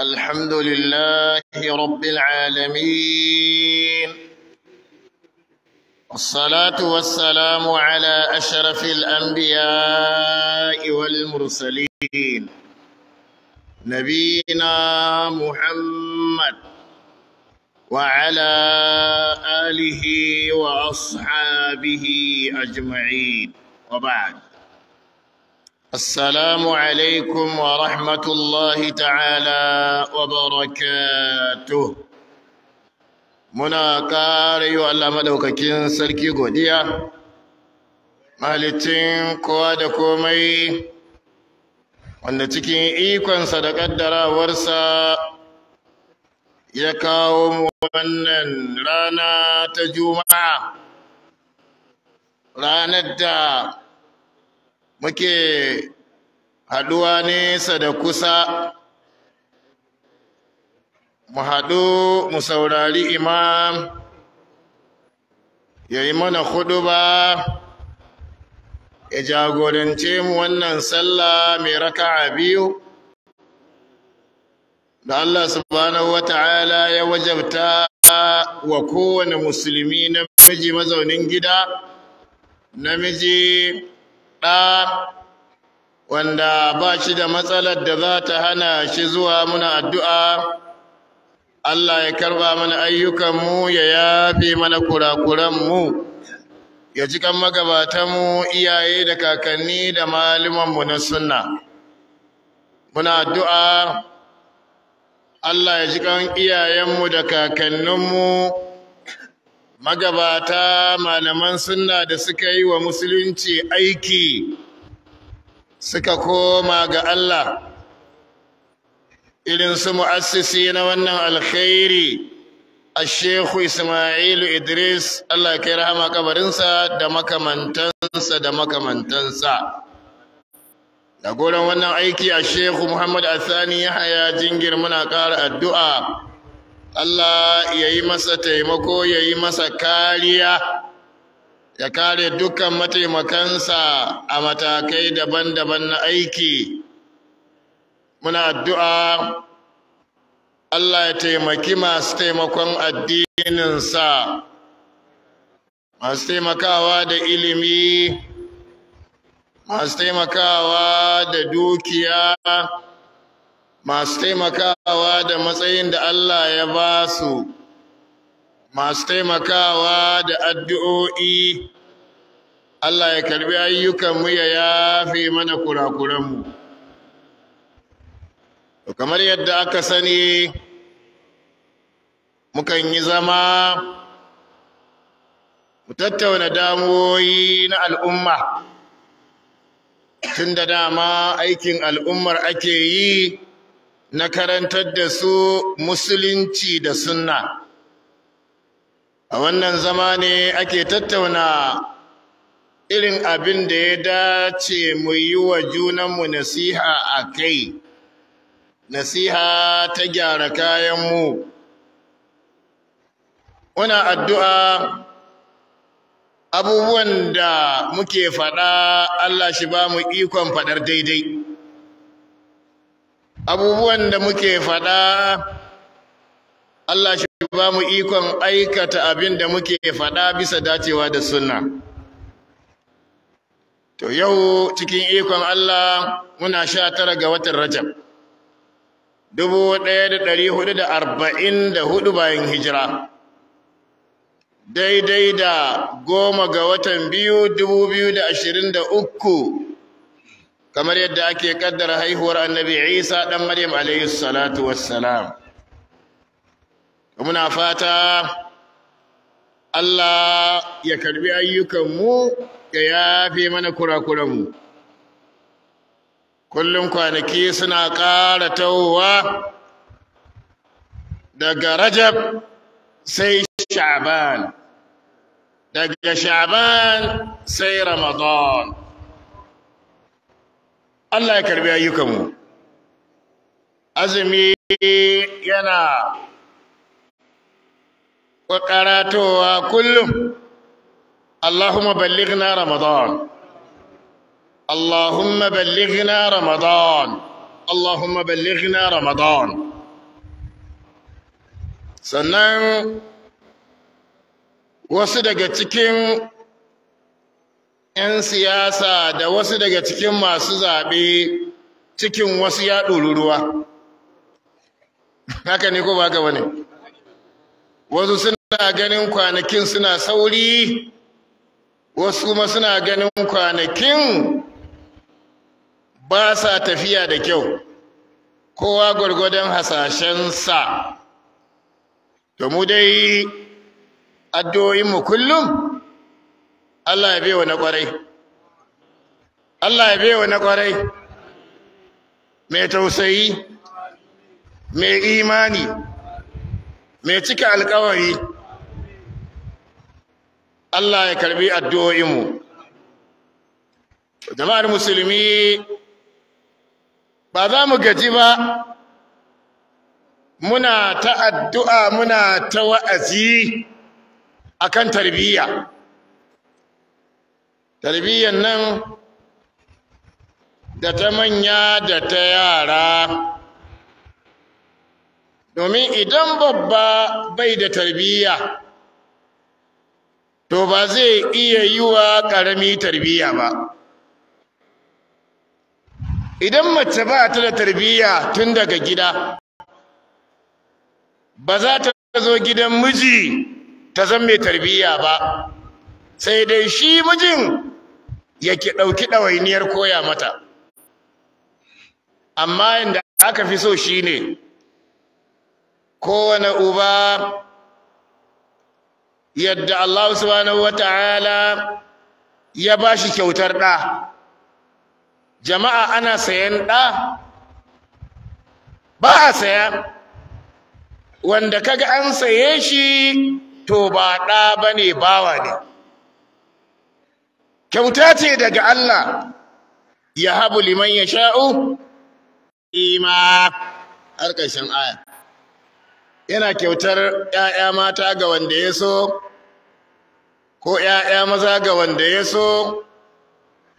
الحمد لله رب العالمين والصلاة والسلام على أشرف الأنبياء والمرسلين نبينا محمد وعلى آله وأصحابه أجمعين وبعد السلام عليكم ورحمة ta'ala تعالى وبركاته muna ƙara yi wa sarki godiya mahalicin kowa da komai wanda cikin ikonsa da ƙaddarawarsa ya kawo mu wannan rana ta juma'a ranar da muke haɗuwa nesa da kusa mu haɗu mu saurari imam ya yi mana hudu ba ya jagorance mu wannan sallah mai raka'a biyu da Allah subhanahu ta'ala ya wajabta wa kowane musulmi miji mazaunin gida namiji da wanda ba shi da matsalar da za ta hana shi zuwa muna addu'a Allah ya karba mana ayyukanmu ya yafe mana kurakuranmu ya cikan magabatanmu iyaye da kakanni da malumanmu na sunna muna addu'a Allah ya ji kan iyayenmu da kakanninmu magabata malaman sunna da suka yi wa musulunci aiki suka koma ga Allah irin su mu'assisi na wannan alkhairi Shehu Ismailu Idris Allah ya rahama kabarinsa da makamantansa da makamantansa da goron wannan aiki a Shehu Muhammad Athani Yahaya jingir muna ƙara addu'a Allah ya yi masa taimako ya yi masa kariya ya kare dukkan mataimakansa a matakai daban-daban na aiki muna addu'a Allah ya taimaki masu taimakon addininsa masu taimakawa da ilimi masu taimakawa da dukiya masu taimakawa da matsayin da Allah ya ba su masu taimakawa da addu'o'i Allah ya karbi ayyukanmu ya yafe mana kurakuranmu to kamar yadda aka sani mukan yi zama mu tattauna damuwoyi na al'umma tun da dama aikin al'ummar ake yi na karantar da su musulunci da sunna a wannan zama ne ake tattauna irin abin da ya dace mu yi wa junanmu nasiha a kai nasiha ta gyara kayanmu muna addu'a abubuwan da muke faɗa Allah shi ba mu ikon faɗar daidai abubuwan da muke faɗa Allah shi ba mu ikon aikata abin da muke faɗa bisa dacewa da sunna to yau cikin ikon Allah muna sha tara ga watan Rajab dubu ɗaya da ɗari hudu da arba'in da hudu bayan hijira daidai da goma ga watan biyu dubu biyu da ashirin da uku kamar yadda ake kaddara haihuwar annabi isa dan maryam alayhi salatu wassalam muna fata Allah ya karbi ayyukanmu ya yafe mana mu. kullum kwanaki suna ƙara tawowa daga rajab sai sha'ban daga sha'ban sai ramadan Allah ya karbi ayyukanmu azumi yana ƙaratowa kullum اللهم بلغنا Ramadan اللهم بلغنا Ramadan اللهم بلغنا Ramadan sannan wasu daga cikin 'yan siyasa da wasu daga cikin masu zaɓe cikin wasu ya ɗoruruwa haka ne ko ba gaba ne wasu suna ganin kwanakin suna sauri wasu kuma suna ganin kwanakin ba sa tafiya da kyau kowa gwargwadon hasashensa da mu dai mu kullum Allah ya baiwa na kwarai Allah ya baiwa na kwarai mai tausayi mai imani mai cika alkawari Allah ya karbi addu'o'inmu jama'ar musulmi ba za mu gaji ba muna ta addu'a muna ta wa'azi akan tarbiyya Tarbiyyan nan da ta manya da ta yara domin idan babba bai da tarbiyya to ba zai iya yi wa ƙarami tarbiyya ba idan mace ba ta da tarbiyya tun daga gida ba za ta zo gidan miji ta zan mai tarbiyya ba sai dai shi mijin ya yake ɗauki ɗawainiyar koya mata amma yadda aka fi so shine. ne kowane uba yadda Allah subhanahu wa ta'ala ya bashi kyautar ɗa jama'a ana sayan ɗa ba a saya wanda kaga an saye shi to ba ɗa bane bawa ne kyauta ce daga Allah ya habu liman ya sha'u ima har ƙarshen aya yana kyautar ‘ya'ya mata ga wanda ya so ko ‘ya'ya maza ga wanda ya so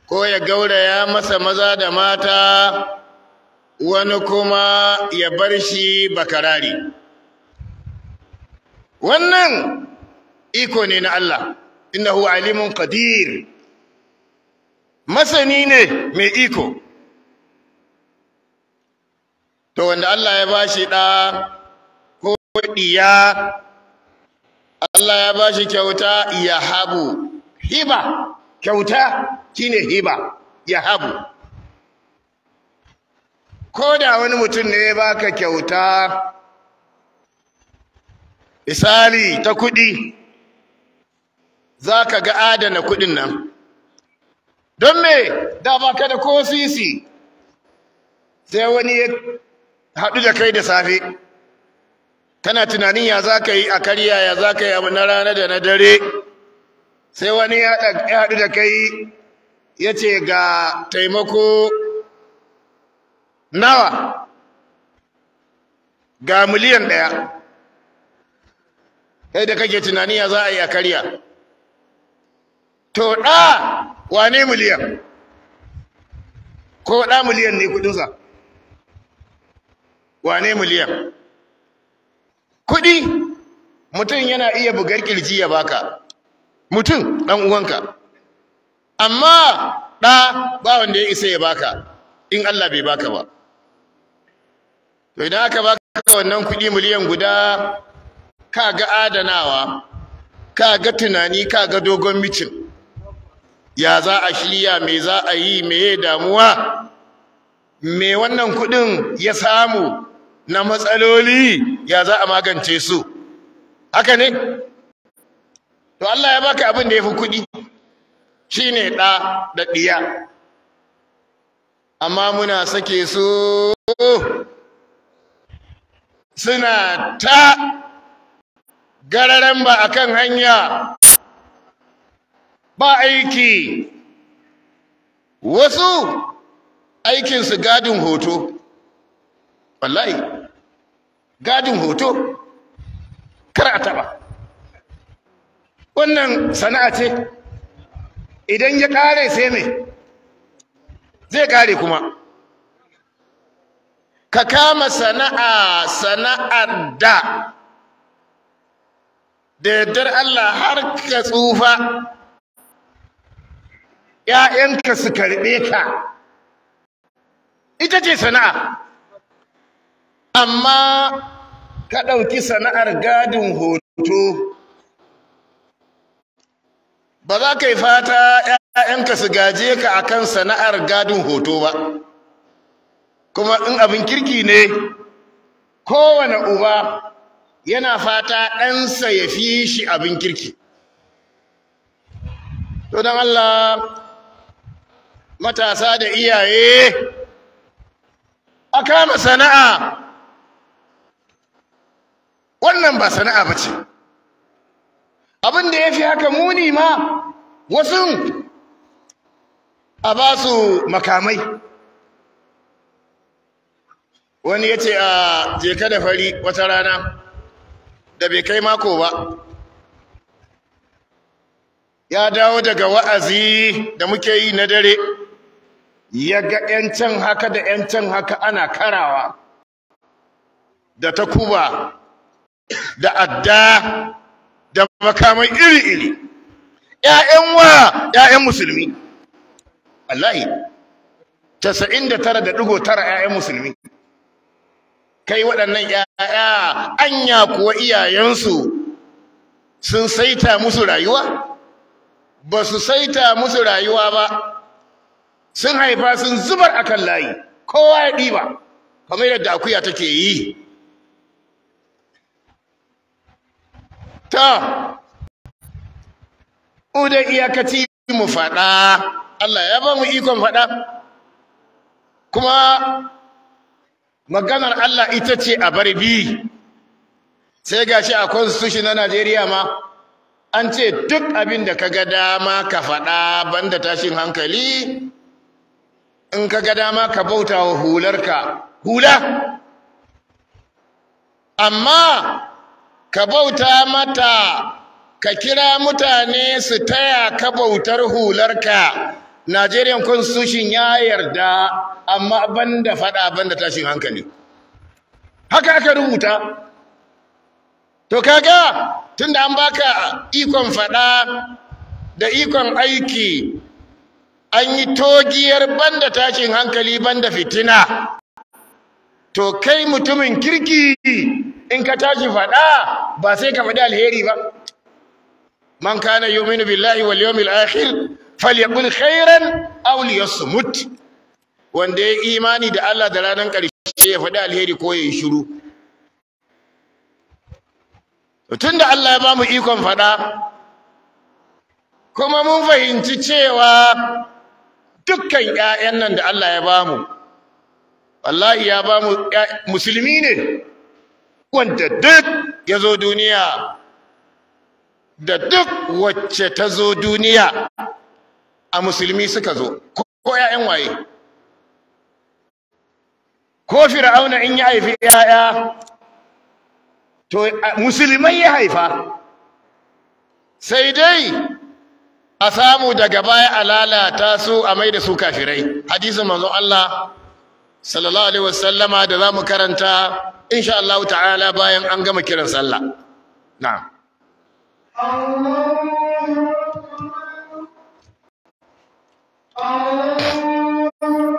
ko ya gauraya masa maza da mata wani kuma ya bar shi bakarari wannan iko ne na Allah hu alimun qadir masani ne mai iko to wanda Allah ya bashi ɗa ko ɗiya Allah ya bashi kyauta ya habu hiba kyauta kine, hiba ya habu ko da wani mutum ne ya baka kyauta misali ta kuɗi za ka ga adana kuɗin nan don me da ba ka da ko sisi sai wani ya haɗu da kai da safe kana tunanin ya za ka yi a karya ya za ka yi abu na rana da na dare sai wani ya haɗu da kai ya ce ga taimako nawa ga miliyan ɗaya kai da kake tunani ya za a yi a karya to ɗa wane miliyan ko ɗa miliyan ne kudinsa wane miliyan kudi mutum yana iya bugar kirji ya baka mutum ɗan uwanka amma ɗa ba wanda ya isa ya baka in Allah bai baka ba to idan aka baka wannan kudi miliyan guda ka ga adanawa ka ga tunani ka ga dogon micin ya za a shirya me za a yi ya damuwa me wannan kudin ya samu na matsaloli ya za a magance su haka ne to Allah ya baka abin da ya fi kudi shine da da diya amma muna sake su suna ta gararan ba akan hanya ba aiki wasu aikinsu gadin hoto wallahi gadin hoto kar a taba wannan sana'a ce idan ya kare sai me zai kare kuma ka kama sana'a sana'ar da da yardar Allah har ka tsufa ‘ya'yanka su karɓe ka ita ce sana'a amma ka ɗauki sana'ar gadin hoto ba za ka yi fata ‘ya'yanka su gaje ka kan sana'ar gadin hoto ba kuma in abin kirki ne kowane uba yana fata ɗansa ya fi shi abin kirki to don Allah matasa da iyaye a kama sana'a wannan ba sana'a ba ce abinda ya fi haka muni ma wasu a ba su makamai wani ya ce a jeka da fari wata rana da bai kai mako ba ya dawo daga wa'azi da muke yi na dare ya ga 'yancin haka da 'yancin haka ana karawa da takuba da adda da makamai iri-iri 'ya'yan wa 'ya'yan musulmi wallahi 99.9 'ya'yan musulmi kai waɗannan 'ya'ya anya kuwa iyayensu sun saita musu rayuwa ba su saita musu rayuwa ba sun haifa sun zubar a kan layi kowa ya ɗiba kamar yadda akuya take yi ta udan iyakaci mu faɗa Allah ya ba mu ikon faɗa kuma maganar Allah ita ce a barbi sai ga shi a constitution na Najeriya ma an ce duk abin da ka ga dama ka faɗa banda tashin hankali in ka ga dama ka bauta wa hularka hula amma ka bauta mata ka kira mutane su taya ka bautar hularka Nigerian constitution ya yarda amma banda fada banda tashin hankali haka aka rubuta to kaga tunda an baka ikon fada da ikon aiki an yi togiyar banda tashin hankali banda fitina to kai mutumin kirki in ka tashi faɗa ba sai ka faɗi alheri ba man kana yuminu billahi wal yawmil akhir falyaqul khairan aw liyasmut wanda ya imani da Allah da ranar ƙarshe ya faɗi alheri ko ya yi shiru tun da Allah ya ba mu ikon faɗa kuma mun fahimci cewa dukkan ƴaƴan nan da Allah ya bamu wallahi ya bamu musulmi ne wanda duk ya zo duniya da duk wacce ta zo duniya a musulmi suka zo ko ƴaƴan waye ko fir'auna in ya haifi ƴaƴa to musulmai ya haifa sai dai a samu daga baya a lalata su a mai da su kafirai hadisin manzon Allah sallallahu alaihi wasallama da zamu karanta insha Allah ta'ala bayan an gama kiran sallah na'am Allahu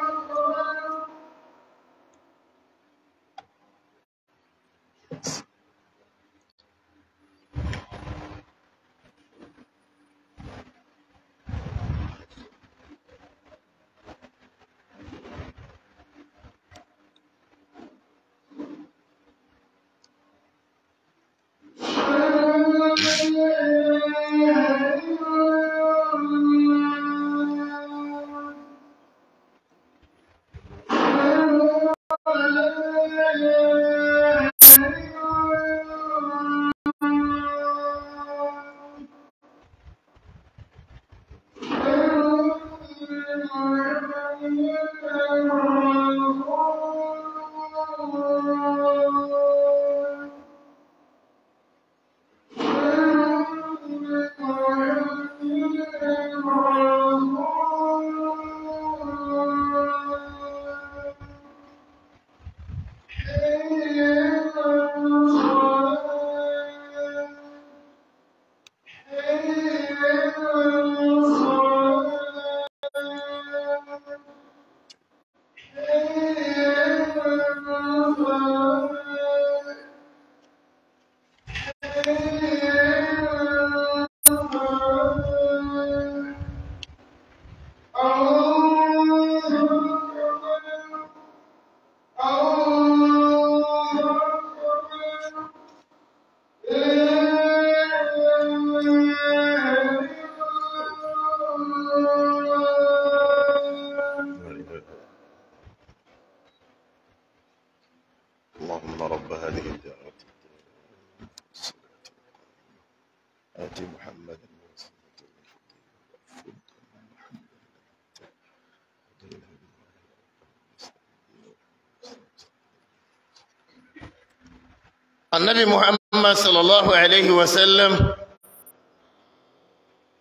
النبي محمد صلى الله عليه وسلم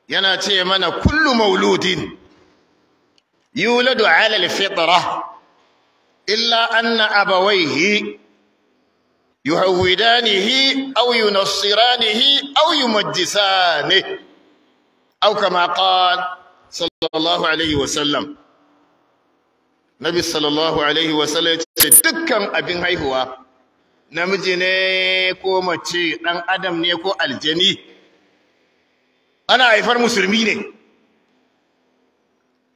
يناتي منا كل مولود يولد على الفطرة إلا أن أبويه يهودانه أو ينصرانه أو يمجسانه أو كما قال صلى الله عليه وسلم نبي صلى الله عليه وسلم تدكم أبن هيهوه namiji ne ko mace ɗan adam ne ko aljani ana haifar musulmi ne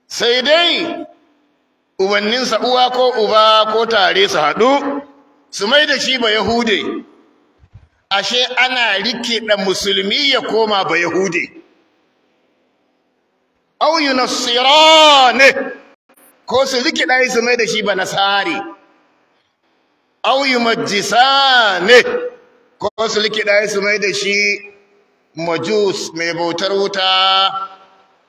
sai dai ubanninsa uwa ko uba ko tare su haɗu su mai da shi ba yahude ashe ana da musulmi ya koma ba yahude au yunassirane ko su rike ɗaya su mai da shi ba nasari Au yi majisa ne. ko su likida su mai da shi majus mai bautar wuta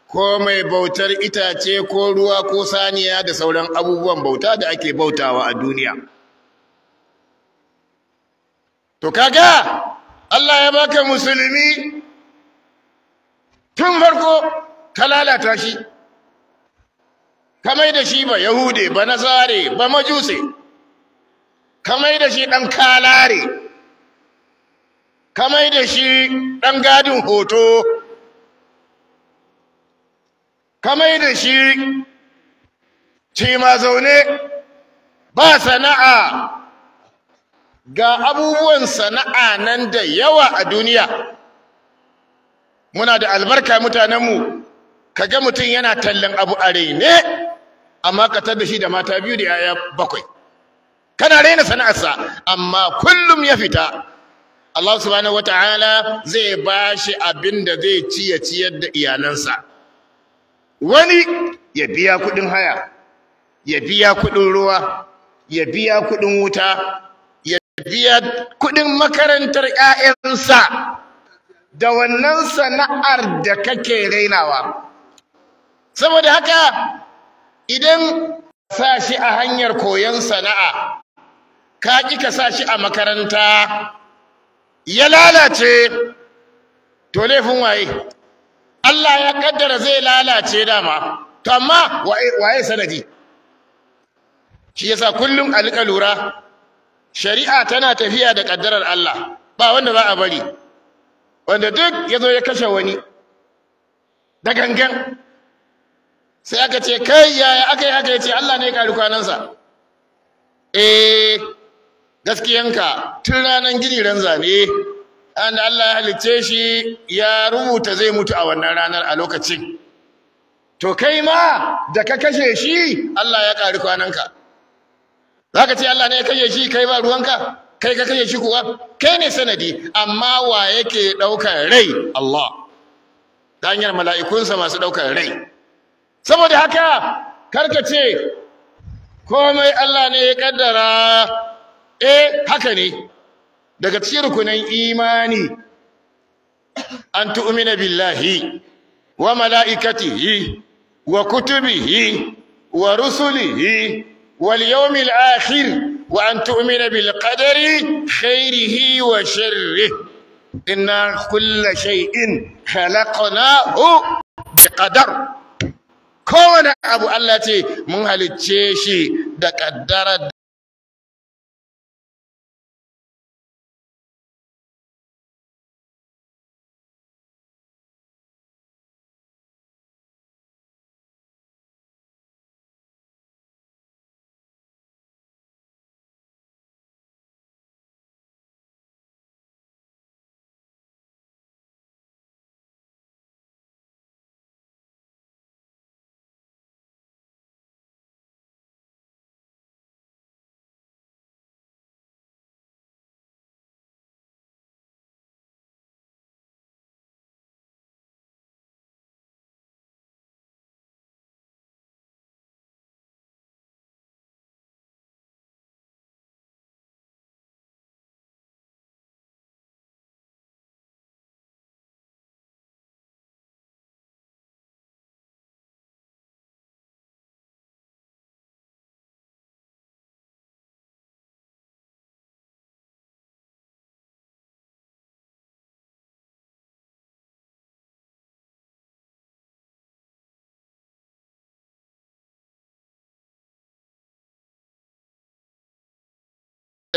ko mai bautar itace ko ruwa ko saniya da sauran abubuwan bauta da ake bautawa a duniya to kaga Allah ya baka musulmi tun farko ka lalata shi ka mai da shi ba yahude ba nasare ba majuse kamai da shi ɗan kalare kamai da shi ɗan gadin hoto kamai da shi cima zaune ba sana'a ga abubuwan sana'a nan da yawa a duniya muna da albarka mutanenmu kaga mutum yana tallan abu a ne amma ka tar da shi da mata biyu da 'ya'ya bakwai kana raina sana'arsa amma kullum ya fita Allah subhanahu wata'ala zai bashi abin da zai ci ya ciyar da iyalansa wani ya biya kudin haya ya biya kudin ruwa ya biya kudin wuta ya biya kudin makarantar ƴaƴansa da wannan sana'ar da kake rainawa saboda haka idan sa shi a hanyar koyon sana'a ka ki ka sa shi a makaranta ya lalace to laifin waye Allah ya kaddara zai lalace dama to amma waye sanadi shi yasa kullum a lura shari'a tana tafiya da kaddarar Allah ba wanda za a bari wanda duk ya ya kashe wani da gangan sai aka ce kai yaya aka yi haka ya ce Allah ne ya ƙari kwanansa eh gaskiyanka tun ranar gini ran zane an Allah ya halicce shi ya rubuta zai mutu a wannan ranar a lokacin to kai ma da ka kashe shi Allah ya ƙari kwananka za ka ce Allah ne ya kashe shi kai ba ruwanka kai ka kashe shi kuwa kai ne sanadi amma wa yake ɗaukar rai Allah ta hanyar mala'ikunsa masu ɗaukar rai saboda haka karkace ce komai Allah ne ya ƙaddara eh haka ne daga cikin rukunin imani an tu'mina billahi wa malaikatihi wa kutubihi wa rusulihi wal yawmil akhir wa an tu'mina bil qadari khairihi wa sharrihi inna kulla shay'in khalaqnahu biqadar kowane abu Allah ce mun halicce shi da kaddara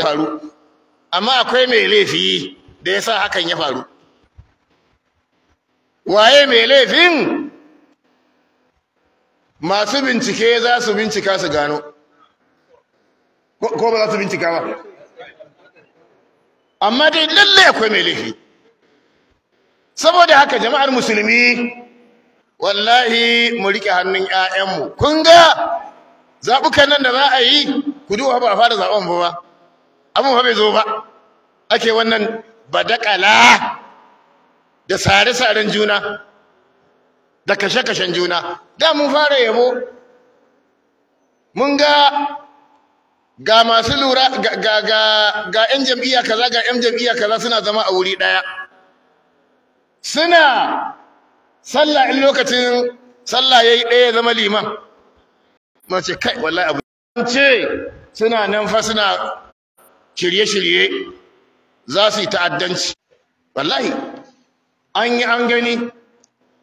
faru amma akwai mai laifi da yasa hakan ya faru waye mai laifin masu bincike za su bincika su gano ko ba za su bincika ba amma dai lalle akwai mai laifi saboda haka jama'ar musulmi wallahi mu rike hannun ƴaƴanmu kun ga zaɓukan nan da za a yi ku duba ba a fara zaɓen ba abin ba bai zo ba ake wannan badakala da sare-saren juna da kashe-kashen juna da mun fara yabo mun ga ga masu lura ga ga ga 'yan jam'iyya kaza ga 'yan jam'iyya kaza suna zama a wuri ɗaya suna sallah in lokacin sallah yayi ɗaya zama liman mace kai wallahi abu ce suna nan fa suna shirye-shirye za su yi ta'addanci wallahi an yi an gani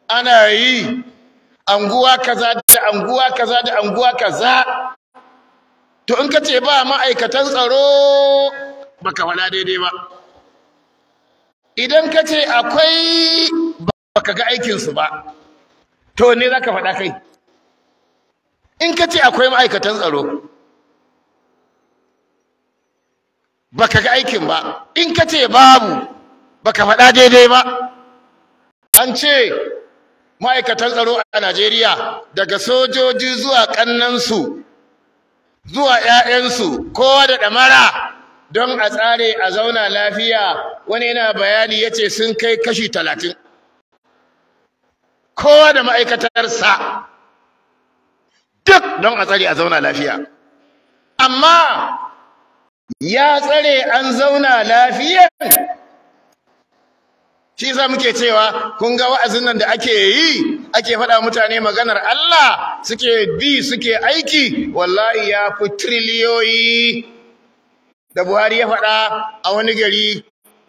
ana yi anguwa kaza da anguwa kaza da anguwa kaza to in ka ce ba ma'aikatan tsaro baka wala daidai ba idan ka ce akwai baka ga aikinsu ba to ne za ka faɗa kai in ka ce akwai ma'aikatan tsaro baka ga aikin ba in ka ce babu baka faɗa daidai ba an ce ma'aikatan tsaro a Najeriya daga sojoji zuwa ƙannansu zuwa 'ya'yansu kowa da ɗamara don a tsare a zauna lafiya wani yana bayani ya ce sun kai kashi talatin kowa da ma'aikatarsa duk don a tsare a zauna lafiya amma ya tsare an zauna lafiyan shi za muke cewa kun ga wa'azin nan da ake yi ake faɗa mutane maganar Allah suke bi suke aiki wallahi ya fi triliyoyi da Buhari ya faɗa a wani gari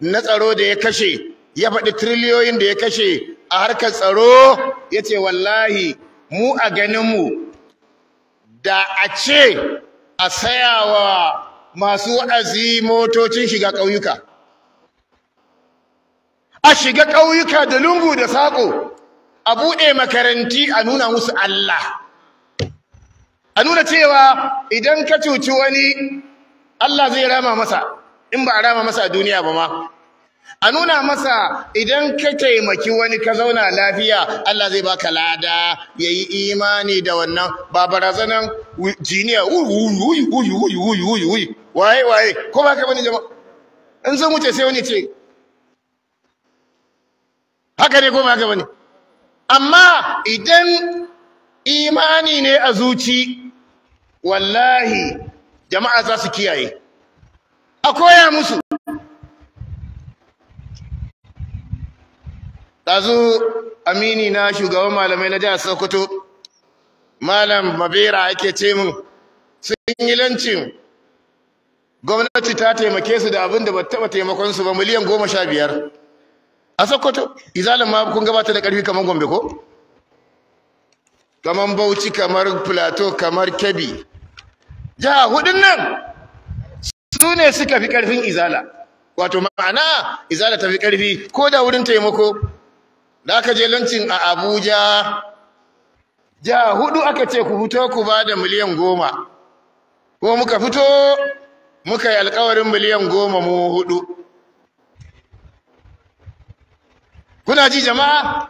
na tsaro da ya kashe ya faɗi tiriliyoyin da ya kashe a harkar tsaro ya ce wallahi mu a ganinmu da a ce a sayawa masu wa'azi motocin shiga ƙauyuka a shiga ƙauyuka da lungu da saƙo a buɗe makaranti a nuna musu Allah a nuna cewa idan ka cuci wani Allah zai rama masa in ba a rama masa a duniya ba ma a nuna masa idan ka taimaki wani ka zauna lafiya Allah zai baka lada ya yi imani da wannan ba barazanan jiniya wuyi wuyi wuyi wuyi wuyi wuyi waye waye ko ba ka bane jama'a in sun wuce sai wani ce haka ne ko ba ka bane amma idan imani ne a zuci wallahi jama'a za su kiyaye a koya musu dazu amini na shugaban malamai na jihar sokoto malam mabera ake ce mun sun yi lancin gwamnati ta taimake su da abin da ba taɓa taimakon su ba miliyan goma sha biyar a sokoto izalin ma kun gabata da ƙarfi kamar gombe ko kamar bauchi kamar plateau kamar kebbi jiha hudun nan su ne suka fi ƙarfin izala wato ma'ana izala ta fi ƙarfi ko da wurin taimako da aka je lancin a abuja jiha hudu aka ce ku fito ku ba da miliyan goma ko muka fito muka yi alkawarin miliyan goma mu hudu kuna ji jama'a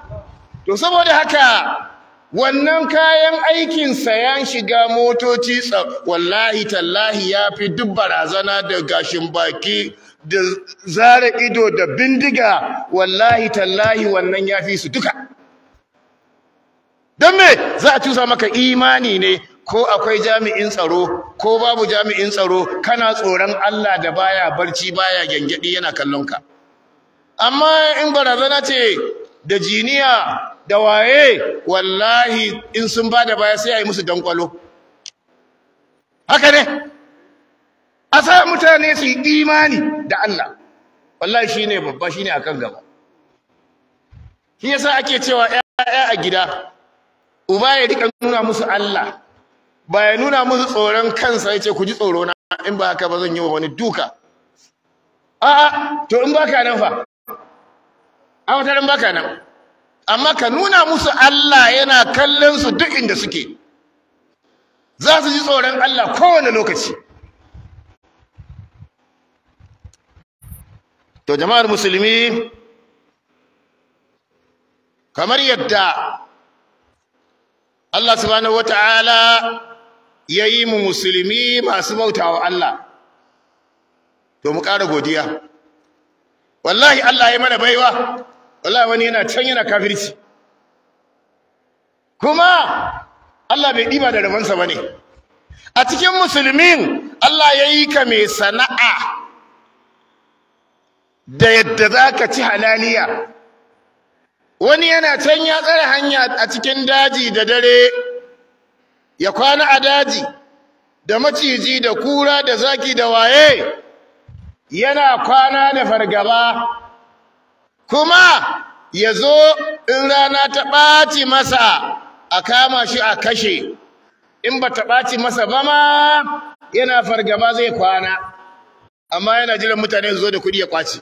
to saboda haka wannan kayan aikin sayan shiga motoci wallahi tallahi ya fi duk barazana da gashin baki da zara ido da bindiga wallahi tallahi wannan ya fi su duka don me za a cusa maka imani ne ko akwai jami'in tsaro ko babu jami'in tsaro kana tsoron Allah da baya barci baya gyangyaɗi yana kallon ka amma in barazana ce da jiniya da waye wallahi in sun ba baya sai a yi musu dankwalo haka ne a sa mutane su yi imani da Allah wallahi shi babba shi ne gaba shi yasa ake cewa ‘ya'ya a gida uba ya rika nuna musu Allah ba ya nuna musu tsoron kansa ya ce ku ji tsoro na in ba haka ba zan yi wa wani duka a'a to in baka nan fa a wata in baka nan amma ka nuna musu Allah yana kallon su duk inda suke za su ji tsoron Allah kowane lokaci to jama'ar musulmi kamar yadda Allah subhanahu ta'ala. ya yi mu musulmi masu bautawa Allah to mu ƙara godiya wallahi Allah ya mana baiwa wallahi wani yana can yana kafirci kuma Allah bai ɗiba da rabansa ba ne a cikin musulmin Allah ya yi ka mai sana'a da yadda za ka ci halaliya wani yana can ya tsare hanya a cikin daji da dare ya kwana a daji da maciji da kura da zaki da waye yana kwana da fargaba kuma ya zo in rana ta ɓaci masa a kama shi a kashe in ba ta ɓaci masa ba ma yana fargaba zai kwana amma yana jiran mutane su zo da kuɗi ya ƙwace.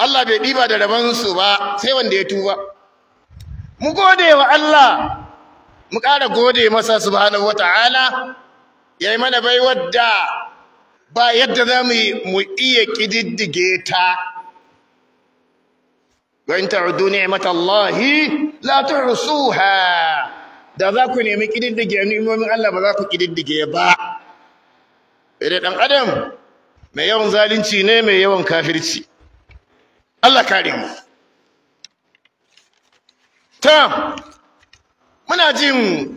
Allah bai ɗiba da rabansu ba sai wanda ya tuba mu gode wa Allah mu ƙara gode masa subhanahu wata'ala ya yi mana bai wadda ba yadda za mu iya ƙididdige ta wa in ta'uddu ni'matallahi la tuhsuha da za ku nemi ƙididdige ni'imomin Allah ba za ku ƙididdige ba idan ɗan adam mai yawan zalunci ne mai yawan kafirci Allah kare mu ta muna jin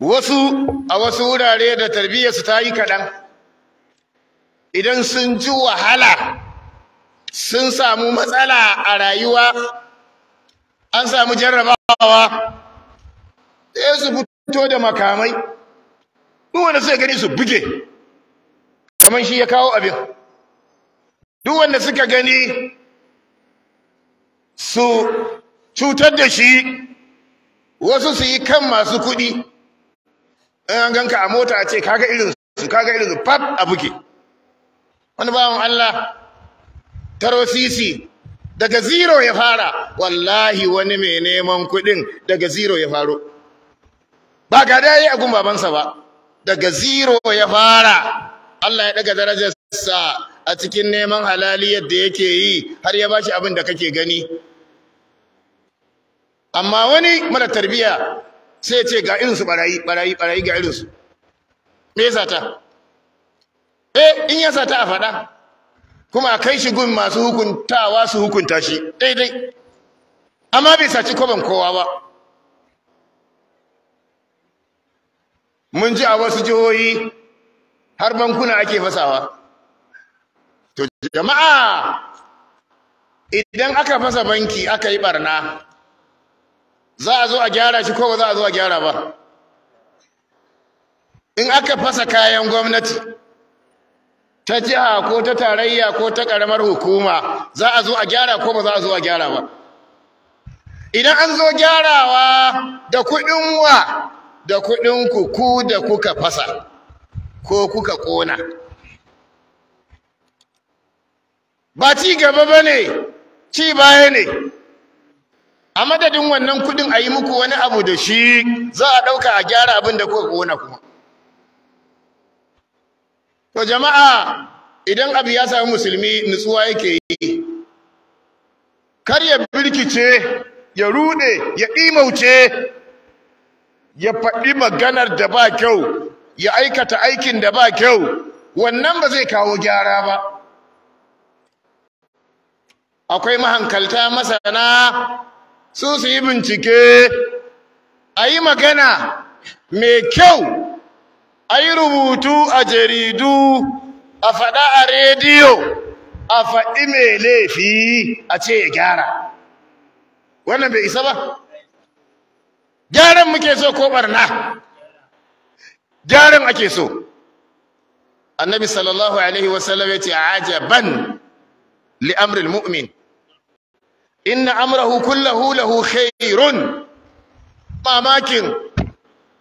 wasu a wasu wurare da tarbiyyarsu ta yi kaɗan idan sun ji wahala sun samu matsala a rayuwa an samu jarrabawa Ya su fito da makamai duk wanda suka gani su buge kamar shi ya kawo abin duk wanda suka gani su cutar da shi wasu su yi kan masu kuɗi in an ganka a mota a ce kaga irin su kaga irin su fab a buke wani bawan Allah taro sisi daga zero ya fara wallahi wani mai neman kuɗin daga zero ya faro ba ga da yi a gun babansa ba daga zero ya fara Allah ya daga darajarsa a cikin neman halaliyar da yake yi har ya bashi abin da kake gani amma wani mara tarbiya sai ya ce ga irinsu barayi barayi barayi ga irinsu me yasa ta eh in yasa ta a faɗa kuma a kai shi gun masu hukuntawa su hukunta shi daidai amma bai saci koban kowa ba mun ji a wasu jihohi har bankuna ake fasawa to jama'a idan aka fasa banki aka yi barna za a zo a gyara shi ko ba za a zo a gyara ba in aka fasa kayan gwamnati ta jiha ko ta tarayya ko ta karamar hukuma za a zo a gyara ko ba za a zo a gyara ba idan an zo gyarawa da kuɗin wa da kuɗin ku ku da kuka fasa ko kuka ƙona ba ci gaba ba ne ci baya ne a madadin wannan kudin a yi muku wani abu da shi za a ɗauka a gyara abin da kuka kona kuma to jama'a idan abu ya sami musulmi nutsuwa yake yi kar ya birkice ya rude ya ɗimauce ya faɗi maganar da ba kyau ya aikata aikin da ba kyau wannan ba zai kawo gyara ba akwai mahankalta masana su su yi bincike a yi magana mai kyau a yi rubutu a jaridu a faɗa a rediyo a faɗi mai laifi a ce ya gyara wannan bai isa ba gyaran muke so ko barna gyaran ake so annabi sallallahu alaihi wasallam ya ce ajaban li amril mu'min inna amrahu kullahu lahu khairun mamakin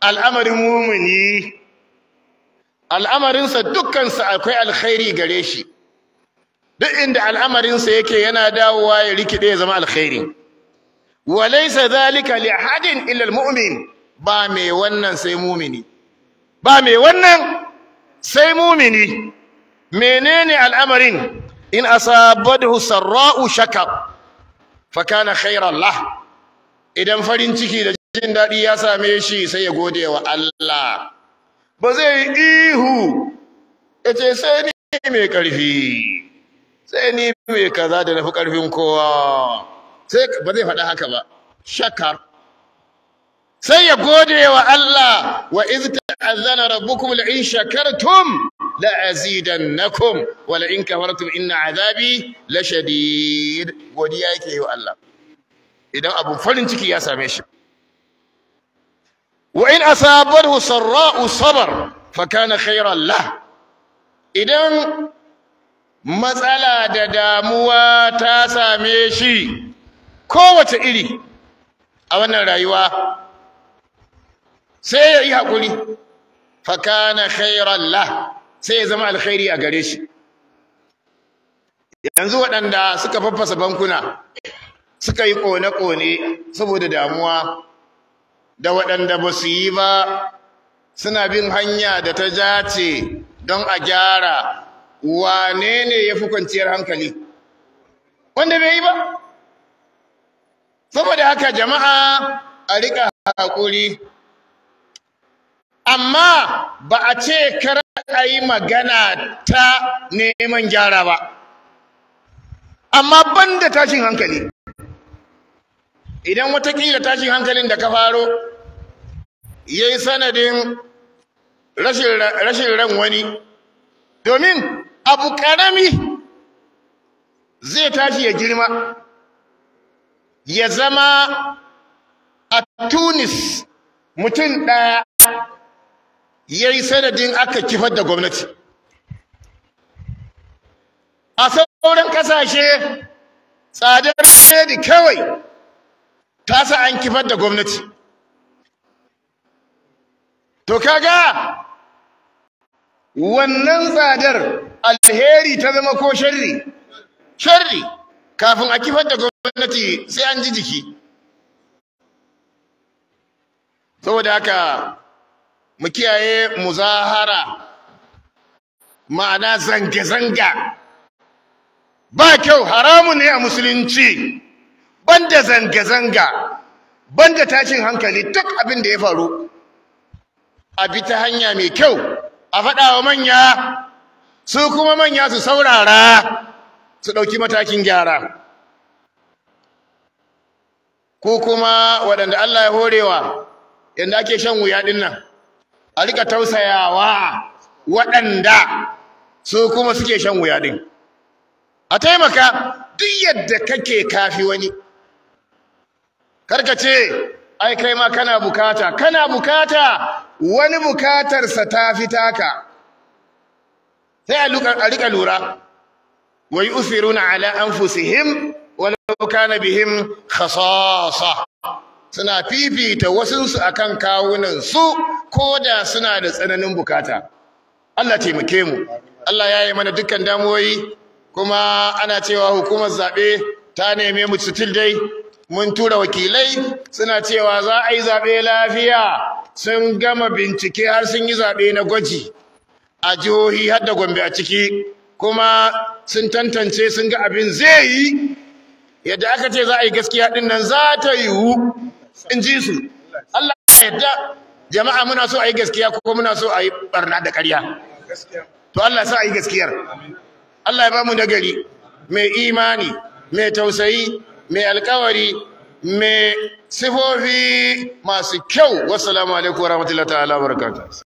al'amarin mumuni al'amarinsa dukkansa akwai alkhairi gare shi duk inda al'amarinsa yake yana dawowa ya rikide ya zama alkhairi wa laysa zalika li ahadin illa almu'min ba mai wannan sai mumini ba mai wannan sai mumini menene al'amarin in asabahu sarra'u shakar fakana khairan lah idan farin ciki da jin daɗi ya same shi sai ya gode wa Allah ba zai ihu ya ce sai ni mai ƙarfi sai ni mai kaza da nafi ƙarfin kowa sai ba zai faɗa haka ba shakar sai ya gode wa Allah wa iz ta'azzana rabbukum la'in shakartum la'azidannakum wa la'in kafartum inna azabi lashadid godiya yake yi wa Allah idan abun farin ciki ya same shi wa in asabahu sarra'u sabar fa kana khayran lah idan matsala da damuwa ta same shi kowace iri a wannan rayuwa sai ya yi haƙuri fakana khairan la sai ya zama alkhairi a gare shi yanzu waɗanda suka faffasa bankuna suka yi ƙone-ƙone saboda damuwa da waɗanda ba su yi ba suna bin hanya da ta jace don a gyara wane ne ya fi kwanciyar hankali wanda bai yi ba saboda haka jama'a a riƙa haƙuri amma ba a ce kar a yi magana ta neman gyara ba amma ban da tashin hankali idan watakila tashin hankalin da ka faro ya yi sanadin rashin ran wani domin abu ƙarami zai tashi ya girma ya zama a tunis mutum ɗaya Yayi sanadin aka kifar da gwamnati a sauran ƙasashe tsadar redi kawai ta sa an kifar da gwamnati to kaga wannan tsadar alheri ta zama ko sharri sharri kafin a kifar da gwamnati sai an ji jiki saboda haka mu kiyaye muzahara ma'ana zanga-zanga ba kyau haramu ne a musulunci banda zanga-zanga banda tashin hankali duk abin da ya faru a bi ta hanya mai kyau a faɗa wa manya su kuma manya su saurara su ɗauki matakin gyara ko kuma waɗanda Allah ya horewa yadda ake shan wuya ɗin nan a rika tausayawa waɗanda su kuma suke shan wuya din a taimaka duk yadda kake kafi wani karka ce ai kai ma kana bukata kana bukata wani bukatarsa ta fi taka sai a rika lura wa usiruna ala anfusihim walau kana bihim khasasa suna fifita wasunsu akan kawunan su ko da suna da tsananin bukata Allah taimake mu Allah ya yi mana dukkan damuwoyi kuma ana cewa hukumar zaɓe ta neme mu sitil dai mun tura wakilai suna cewa za a yi zaɓe lafiya sun gama bincike har sun yi zaɓe na gwaji a jihohi har da gombe a ciki kuma sun tantance sun ga abin zai yi yadda aka ce za a yi gaskiya ɗin nan za ta yiwu in ji su Allah ya yadda jama'a muna so a yi gaskiya ko muna so a yi barna da ƙarya to Allah sa a yi gaskiyar Allah ya ba mu nagari mai imani mai tausayi mai alkawari mai sifofi masu kyau wassalamu alaikum warahmatullahi ta'ala barakatuh